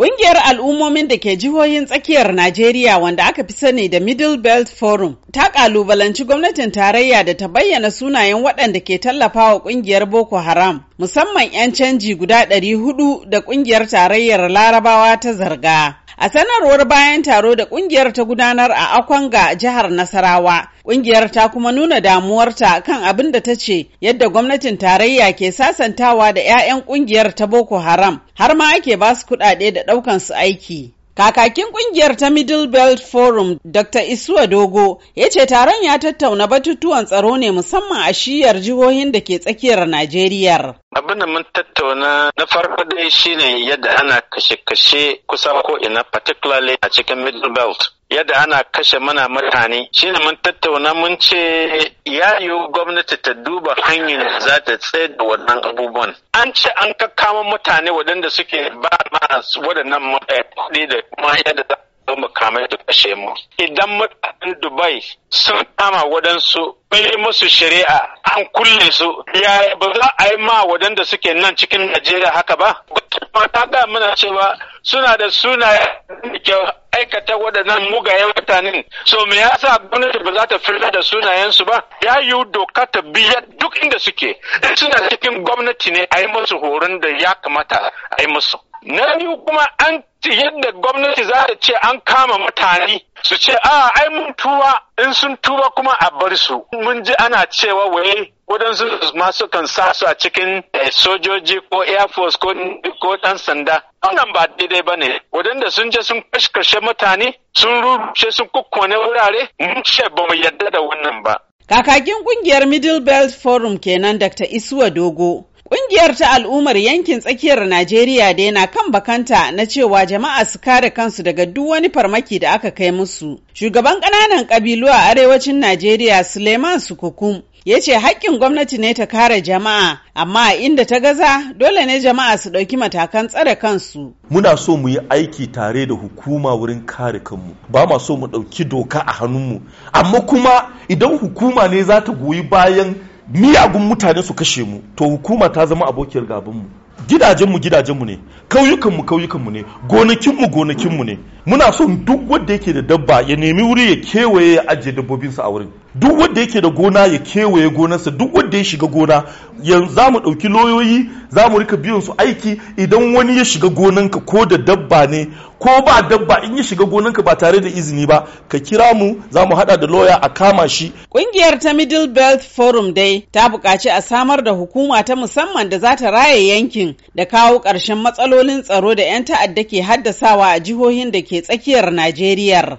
Ƙungiyar al'ummomin da ke jihohin tsakiyar Najeriya wanda aka fi sani da Middle Belt Forum ta ƙalubalanci gwamnatin tarayya da ta bayyana sunayen waɗanda ke tallafawa ƙungiyar Boko Haram, musamman 'yan canji guda 400 da ƙungiyar tarayyar Larabawa ta zarga. A sanarwar bayan taro da kungiyar ta gudanar a Akwanga jihar Nasarawa, kungiyar ta kuma nuna damuwarta kan abin da ta ce yadda gwamnatin tarayya ke sasantawa da 'ya'yan kungiyar ta Boko Haram har ma ake ba su kuɗaɗe da ɗaukan su aiki. Kakakin kungiyar ta Middle Belt Forum Dr. Isuwa Dogo ya ce taron ya tattauna batutuwan tsaro ne musamman a shiyar jihohin da ke tsakiyar Najeriya. Abin da mun tattauna na farko dai shine yadda ana kashe-kashe kusa ko ina particularly a cikin Middle Belt. Yadda ana kashe mana mutane shine mun tattauna mun ce ya yiwu gwamnati ta duba hanyar za ta tsaye da waɗannan abubuwan. An ce an kakkama mutane waɗanda suke ba ma waɗannan eh, kuɗi da kuma yadda za su makamai da kashe mu. Idan mutanen Dubai sun kama waɗansu bai musu shari'a an kulle su ya ba za a yi ma waɗanda suke nan cikin Najeriya haka ba. Kuma ta ga mana cewa suna da sunaye kyau, aikata waɗannan mugayen mutanen so me yasa gwamnati ba za ta fila da sunayensu ba ya yi doka ta biya duk inda suke suna cikin gwamnati ne a yi musu horon da ya kamata a yi musu na biyu kuma an yadda gwamnati za ta ce an kama mutane su ce a ai mun tuba in sun tuba kuma a bar su mun ji ana cewa waye waɗansu masu kan sa su a cikin eh, sojoji ko air force ko ɗan sanda wannan ba daidai ba ne waɗanda sun je sun kashkashe mutane sun rushe sun kukkone wurare mun ce ba mu yarda da wannan ba Kakakin kungiyar Middle Belt Forum kenan Dr. Isuwa Dogo Ƙungiyar ta al'ummar yankin tsakiyar Najeriya da yana kan bakanta na cewa jama'a su kare kansu daga duk wani farmaki da aka kai musu. Shugaban ƙananan ƙabilu a arewacin Najeriya Suleiman Sukukum ya ce haƙƙin gwamnati ne ta kare jama'a amma inda ta gaza dole ne jama'a su ɗauki matakan tsare kansu. Muna so mu yi aiki tare da hukuma wurin kare kanmu ba ma so mu ɗauki doka a hannunmu amma kuma idan hukuma ne za ta goyi bayan miyagun mutane su kashe mu to hukuma ta zama abokiyar gabanmu gidajenmu gidajenmu ne kauyukanmu kauyukanmu ne gonakinmu gonakinmu ne muna son duk wanda yake da dabba ya nemi wuri ya kewaye ya ajiye dabbobinsa a wurin duk wanda yake da gona ya kewaye gonarsa duk wanda ya shiga gona yanzu za mu ɗauki loyoyi za mu rika biyan su aiki idan wani ya shiga gonanka ko da dabba ne ko ba dabba in ya shiga gonanka ba tare da izini ba ka kira mu za mu haɗa da loya a kama shi. Ƙungiyar ta Middle Belt Forum dai ta buƙaci a samar da hukuma ta musamman da za ta raya yankin da kawo ƙarshen matsalolin tsaro da 'yan ta'adda ke haddasawa a jihohin da ke tsakiyar Najeriya.